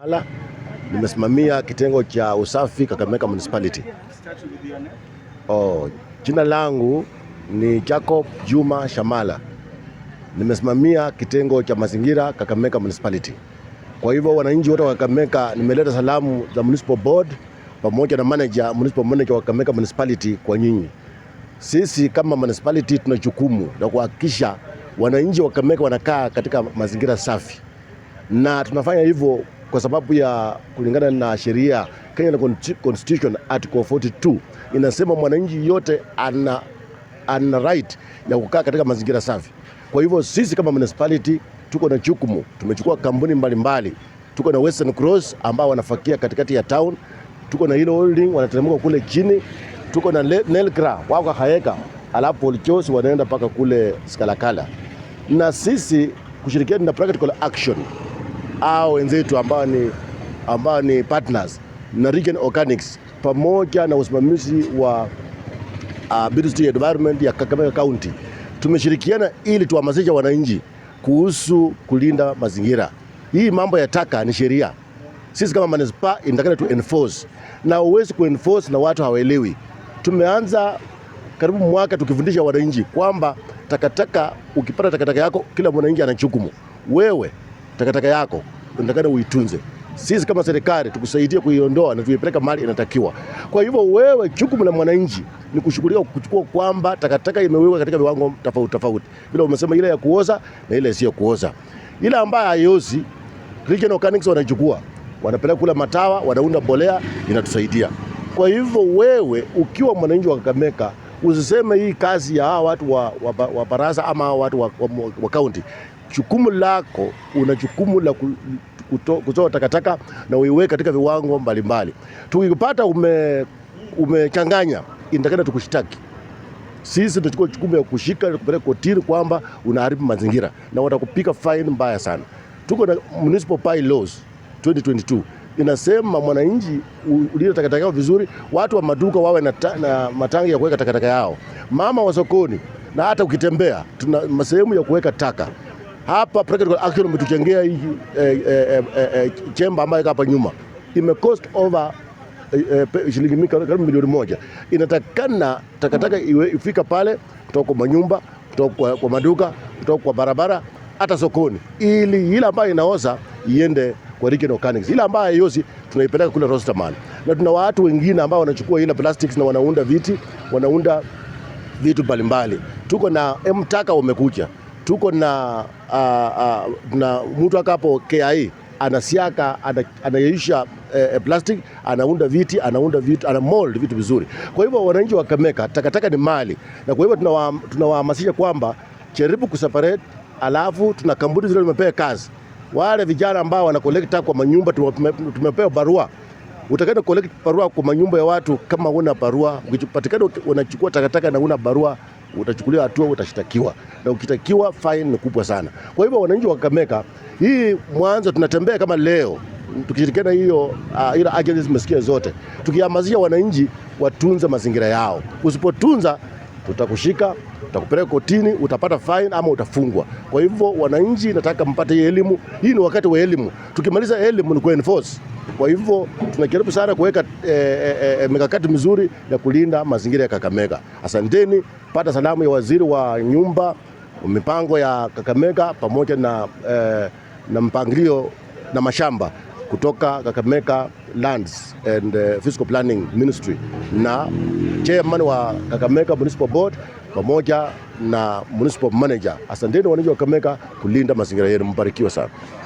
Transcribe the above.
Mala nimesimamia kitengo cha usafi Kakamega Municipality. Oh, jina langu ni Jacob Juma Shamala. Nimesimamia kitengo cha mazingira Kakamega Municipality. Kwa hivyo wananchi wote wa Kakamega nimeleta salamu za Municipal Board pamoja na manager, Municipal Manager wa Kakamega Municipality kwa nyinyi. Sisi kama municipality tuna jukumu la kuhakikisha wananchi wa Kakamega wanakaa katika mazingira safi. Na tunafanya hivyo kwa sababu ya kulingana na sheria Kenya Constitution article 42 inasema mwananchi yote ana, ana right ya kukaa katika mazingira safi. Kwa hivyo sisi kama municipality tuko na chukumu, tumechukua kampuni mbalimbali Tuko na Western Cross ambao wanafakia katikati ya town, tuko na Hilo Holding wanateremka kule chini, tuko na Nelgra wako Hayeka, alafu Olchos wanaenda mpaka kule Skalakala, na sisi kushirikiana na practical action au wenzetu ambao ni, ambao ni partners na Regen Organics pamoja na usimamizi wa uh, Ministry Environment ya Kakamega County tumeshirikiana ili tuhamasisha wananchi kuhusu kulinda mazingira. Hii mambo ya taka ni sheria, sisi kama manispa inataka tu enforce, na uwezi enforce na watu hawaelewi. Tumeanza karibu mwaka tukifundisha wananchi kwamba takataka, ukipata takataka yako, kila mwananchi ana jukumu. Wewe takataka yako unatakana uitunze. Sisi kama serikali tukusaidia kuiondoa na tuipeleka mali inatakiwa. Kwa hivyo wewe, jukumu la mwananchi ni kushughulika kuchukua kwamba takataka imewekwa katika viwango tofauti tofauti, vile umesema, ile ya kuoza na ile isiyo kuoza. Ile ambayo haiozi regional organics wanachukua wanapeleka kula matawa, wanaunda mbolea, inatusaidia. Kwa hivyo wewe ukiwa mwananchi wa Kakamega usiseme hii kazi ya hawa watu wa, wa, wa baraza ama watu wa wa, wa, wa jukumu lako, una jukumu la kutoa takataka na uiweke katika viwango mbalimbali. Tukipata ume, umechanganya intakana tukushtaki sisi tunachukua jukumu ya kushika kupeleka kotini kwamba unaharibu mazingira na watakupika fine mbaya sana. Tuko na municipal by laws 2022 inasema mwananchi ulinde takataka yao vizuri, watu wa maduka wawe na, na matangi ya kuweka takataka yao, mama wa sokoni, na hata ukitembea tuna sehemu ya kuweka taka hapa practical action umetujengea hii eh, eh, eh, eh, eh chemba ambayo iko hapa nyuma ime cost over eh, eh, shilingi karibu milioni moja. Inatakana takataka iwe ifika pale kutoka kwa manyumba, kutoka kwa, maduka, kutoka kwa barabara, hata sokoni, ili ile ambayo inaoza iende kwa regional organics, ile ambayo yosi tunaipeleka kule Rosterman, na tuna watu wengine ambao wanachukua ile plastics na wanaunda viti, wanaunda vitu mbalimbali. Tuko na mtaka wamekuja tuko na, uh, uh, na mtu akapo KIA anasiaka anayeisha eh, e, plastic anaunda viti anaunda vitu ana mold vitu vizuri. Kwa hivyo wananchi wa Kameka, takataka ni mali, na kwa hivyo tunawahamasisha kwamba jaribu kuseparate, alafu tuna kampuni zile zimepewa kazi, wale vijana ambao wana collect kwa manyumba tumepewa barua utakaenda collect barua kwa manyumba ya watu. Kama una barua, ukipatikana unachukua takataka na una barua utachukuliwa hatua, utashtakiwa, na ukitakiwa fine ni kubwa sana. Kwa hivyo wananchi wa Kakamega, hii mwanzo tunatembea kama leo tukishirikiana hiyo uh, ah, ila agencies zimesikia zote, tukihamasisha wananchi watunze mazingira yao. Usipotunza tutakushika, tutakupeleka kotini, utapata fine ama utafungwa. Kwa hivyo, wananchi, nataka mpate hii elimu. Hii ni wakati wa elimu, tukimaliza elimu ni kuenforce. Kwa hivyo tunajaribu sana kuweka e, e, e, mikakati mizuri ya kulinda mazingira ya Kakamega. Asanteni, pata salamu ya waziri wa nyumba, mipango ya Kakamega pamoja na, e, na mpangilio na mashamba kutoka Kakamega Lands and uh, Fiscal Planning Ministry na chairman wa Kakamega Municipal Board pamoja na municipal manager. Asanteni wananchi wa Kakamega kulinda mazingira yenu, mbarikiwa sana.